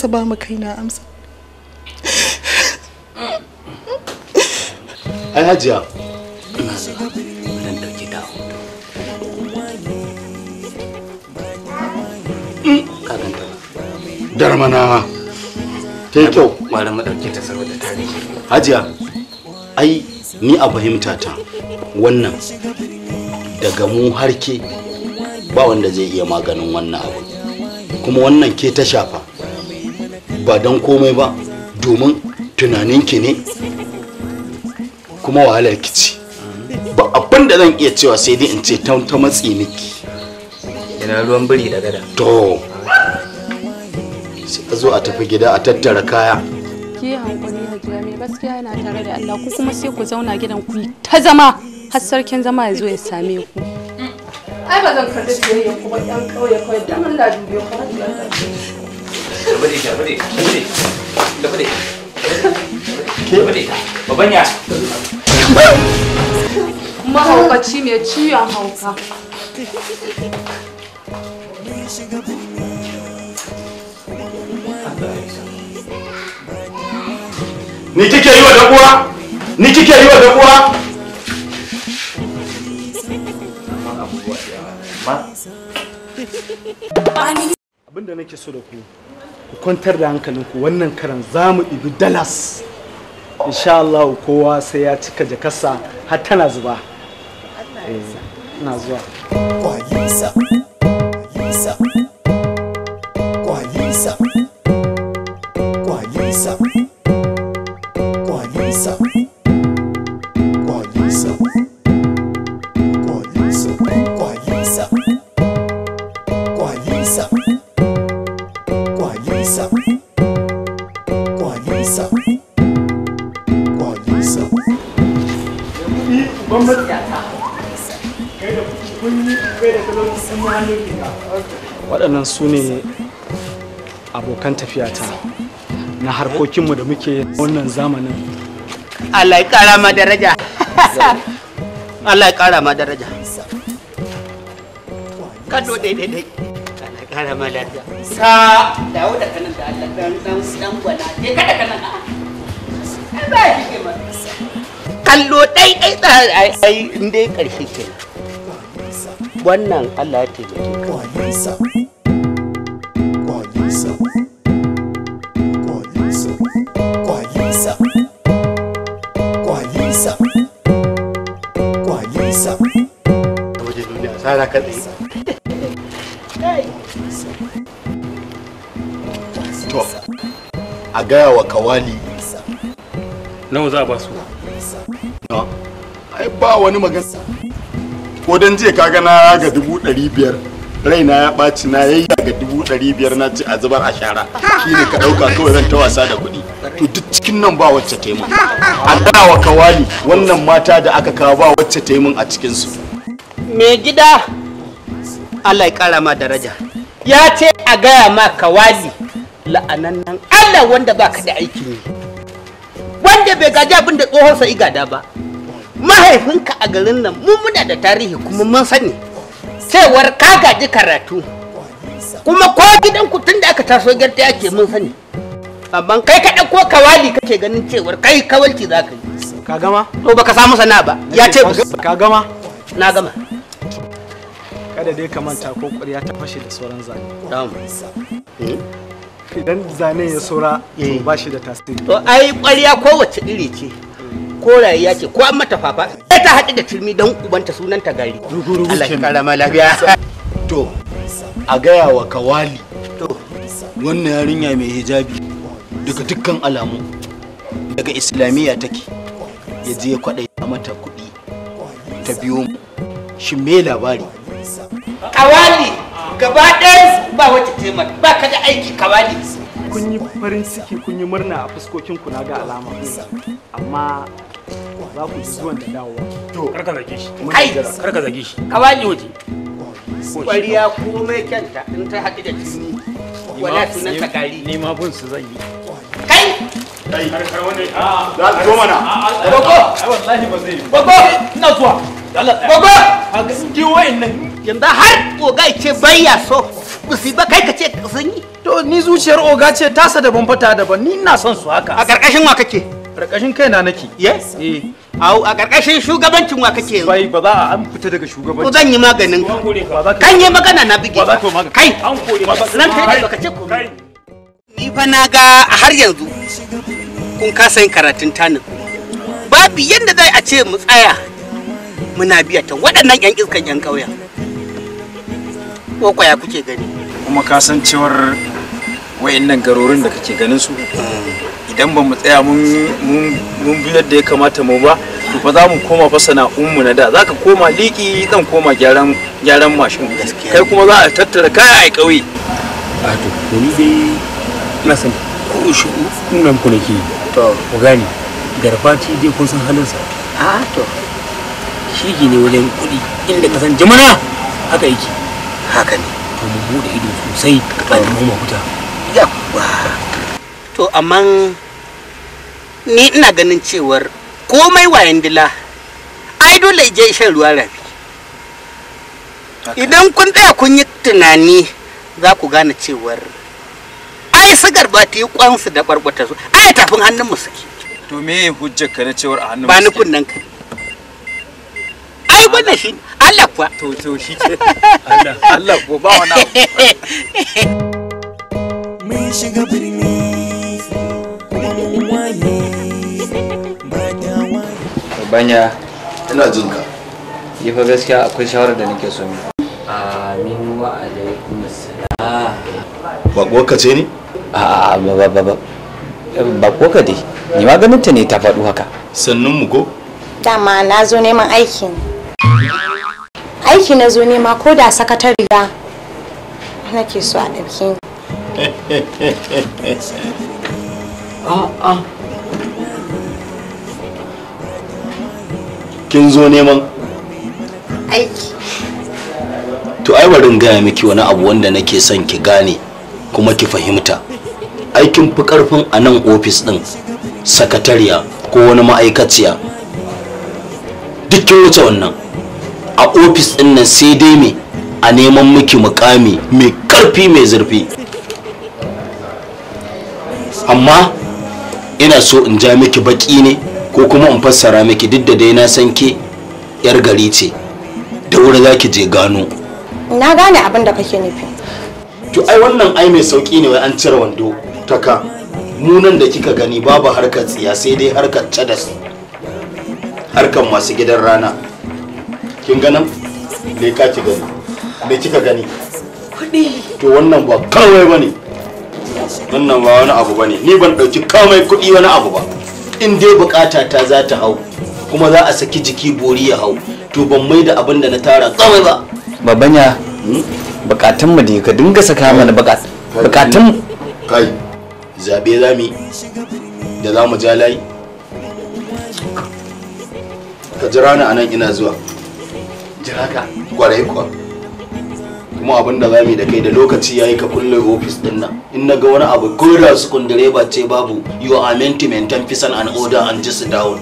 kasa ba mu kaina amsa ai hajiya darmana ta yi kyau malam mu dauke ta tarihi hajiya ai ni a fahimta ta wannan daga mu harke ba wanda zai iya maganin wannan abu kuma wannan ke ta shafa ba don komai ba domin tunaninki ne kuma wahalar kici ba abin da zan iya cewa sai dai in ce ta ta matsi miki yana ruwan biri da gada to sai zo a tafi gida a tattara kaya ki hankali hajjira mai gaskiya yana tare da Allah ku kuma sai ku zauna gidan ku ta zama har sarkin zama ya zo ya same ku ai ba zan karɓi biyayya ku ba ɗan ƙauye kawai dan Allah dubiyo ku Tafi da tafi da tafi da Mahaukaci mai ciwon hauka. Ni kike yi wa dakuwa? Ni kike yi wa dakuwa? Abin da nake so da ku ku kwantar da hankalinku wannan karan za mu ibi dalas insha Allah kowa sai ya cika jakarsa har tana zuba eh, ina zuwa Qualisa, Qualisa, Qualisa. Waɗannan su ne abokan tafiyata na harkokinmu da muke wannan zamanin. Allah ya ƙara ma daraja. Allah ya ƙara ma daraja. Kado daidai. kara ma lafiya sa dawo da kanan da Allah dan dan gwana ke kada kanan ai ba ki ma kallo dai dai ai ai in dai karshe kenan wannan Allah ya taimake ka Kwalisa, kwalisa, sa Kwalisa. Kwalisa. Kwalisa. to a gaya wa kawali nawa za a ba su ai ba wani magana ko dan jiya kaga na ga dubu ɗari biyar raina ya ɓaci na yayi daga dubu ɗari biyar na ci a zubar a shara shine ka ɗauka kawai zan ta wasa da kuɗi to duk cikin nan ba wacce ta yi a gaya wa kawali wannan mata da aka kawo ba wacce ta yi a cikinsu me gida Allah ya kara ma daraja ya ce a gaya ma kawali la'anannan nan Allah wanda ba ka da aikin yi wanda bai gaji abin da tsohon sa igada ba mahaifinka a garin nan mun muna da tarihi kuma mun sani cewar ka gaji karatu kuma ko gidan ku tunda aka taso gyarta yake mun sani amma kai ka ɗauko kawali kake ganin cewar kai kawalci za ka yi ka gama to baka samu sana'a ba ya ce ka gama na gama kada dai ka manta ko ƙwarya ta fashe da sauran zane eh? idan zane ya saura to eh. ba shi da tasiri to ai ƙwarya kowace iri ce ko rayuwa ce ko an mata fafa sai ta haɗu da turmi don ubanta sunan ta gari Allah ya kara ma lafiya to a gaya wa kawali to wannan yarinya mai hijabi daga dukkan alamu daga islamiyya take ya je kwaɗai mata kuɗi ta biyo shi me labari isa kawali gaba ɗayan ba wacce ta ba ka da aiki kawali kun yi farin ciki kun yi murna a fuskokin na ga alama amma za ku zuwan da dawowa to karka zage shi karka zage shi kawali waje kwariya komai kyanta in ta haɗu da jini wala tunan ta gari ni ma bin su zan yi kai kai karkar wani a za zo mana gogo wallahi ba zai gogo ina zuwa gogo ka ga wa'annan yanzu har oga ce bayya so musiba kai ka ce sun yi to ni zuciyar oga ce tasa daban fata daban ni ina son su haka a karkashin wa kake karkashin kaina nake yes eh au a karkashin shugabancin wa kake bai ba za a an fita daga shugabanci ko zan yi maganin kan yi magana na bige kai an kore ba nan kai ka ce komai ni fa na ga har yanzu kun kasa yin karatun tanin babu yadda zai a ce mu tsaya muna biya ta waɗannan 'yan iskan 'yan ƙauyen ko ya kuke gani kuma ka san cewar wayannan garorin da kake ganin su idan ba mu tsaya mun bi yadda ya kamata mu ba to fa za mu koma fa sana'unmu na da za ka koma liki zan koma gyaran gyaran mashin kai kuma za a tattara kaya a ƙauye a to to ni dai ina san ko shi kunan ku nake to ku gani garfati dai kun san halin sa a to shi ne wajen kuɗi inda ka san jimana haka yake haka ne to mu bude ido sosai a mu mafuta yawa to amma ni ina ganin cewar komai wayan dila ai dole je shan ruwa rafi idan kun tsaya kun yi tunani za ku gane cewar ai sigar ba ta yi kwansu da barbata su ai tafin hannun mu suke to me hujjar ka na cewar a hannun ba ni kunnen kai zubar da shi Allah kuwa to to shi ce Allah Allah ko ba wani mun shiga birni kuma mun waye ba da waye banya ina jin ka yi fa gaskiya akwai shawara da nake so mi amin wa alaikum assalam ba ko ka ce ni a ba ba ba ba ko dai ni ma ganin ta ne ta faɗo haka sannun mu ko dama na zo neman aikin aiki na zo nema ko da sakatariya nake so a ɗauki kin zo neman aiki to ai barin gaya miki wani abu wanda nake son ki gane kuma ki fahimta aikin fi karfin a nan ofis din sakatariya ko wani ma'aikaciya duk kin wuce wannan a ofis din nan sai dai me a neman miki mukami mai karfi mai zurfi amma ina so in ja miki baki ne ko kuma in fassara miki duk da dai na san ke yar gari ce da wuri za je gano na gane abin da kake nufi to ai wannan ai mai sauki ne wai an cire wando ta ka nan da kika gani babu harkar tsiya sai dai harkar cadas harkar masu gidan rana kin ganin me ka ci gani me kika gani kuɗi to wannan ba kawai bane wannan ba wani abu bane ni ban ɗauki kawai kuɗi wani abu ba in dai bukata ta za ta hau kuma za a saki jiki bori ya hau to ban mai da abin da na tara kawai ba babanya hmm? bukatun mu da ka dinga saka mana bukatun kai zabe zami da za mu ja layi ka jira ni anan ina zuwa jira ka kwarai kuwa kuma abin da zamu da kai da lokaci ya yi ka kulle ofis din nan in ga wani abu goda su kun direba ce babu you are meant to maintain peace and order and just down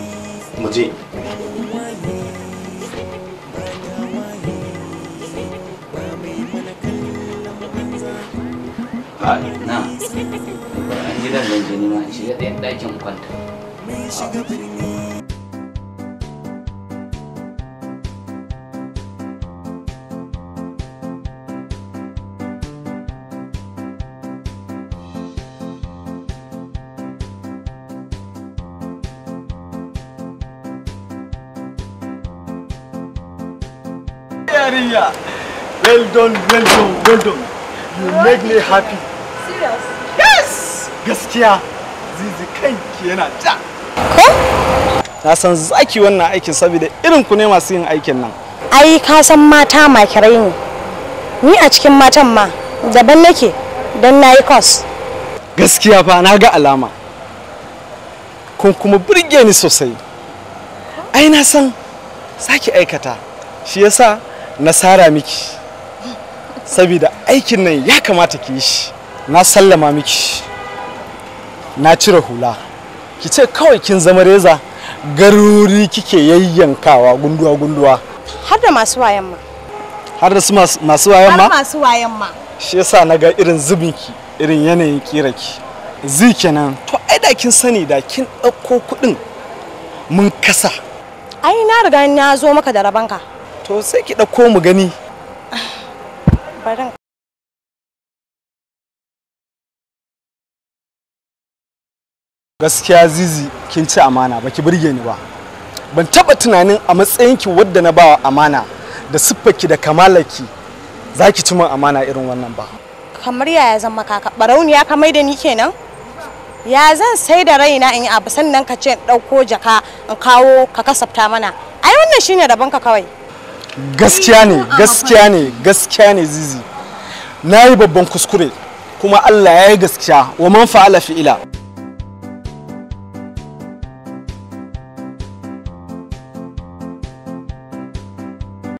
mu je na gidan ɗayan ɗakin kwanta Maria. Well done, well done, well done. You what? make me happy. Serious? Yes! Gaskiya, zizi kanki yana ja. Ko? Na san zaki wannan aikin saboda irin ku ne masu yin aikin nan. Ai ka san mata makirai ne. Ni a cikin matan ma daban nake don na yi kos. Gaskiya fa na ga alama. Kun kuma burge ni sosai. Ai na san saki aikata. Shi yasa na sara miki saboda aikin nan ya kamata ki yi shi na sallama miki na cire hula ki ce kawai kin zama reza garuri kike yayyankawa gunduwa gunduwa har da masu wayan ma har da masu wayan ma har masu wayan ma shi yasa na ga irin zubin ki irin yanayin kira ki zi kenan to ai da kin sani da kin ɗauko kuɗin mun kasa ai na riga na zo maka da rabanka to sai ki ɗauko mu gani barin gaskiya zizi kin ci amana baki burge ni ba ban taba tunanin a matsayinki wadda na bawa amana da siffarki da kamalarki za ki ci min amana irin wannan ba kamar yaya zan maka ka barauniya ka mai da ni kenan ya zan sai da raina in yi abu sannan ka ce ɗauko jaka in kawo ka kasafta mana ai wannan shine rabon kawai gaskiya ne gaskiya ne gaskiya ne zizi na yi babban kuskure kuma allah ya yi gaskiya wa man fa'ala fi'ila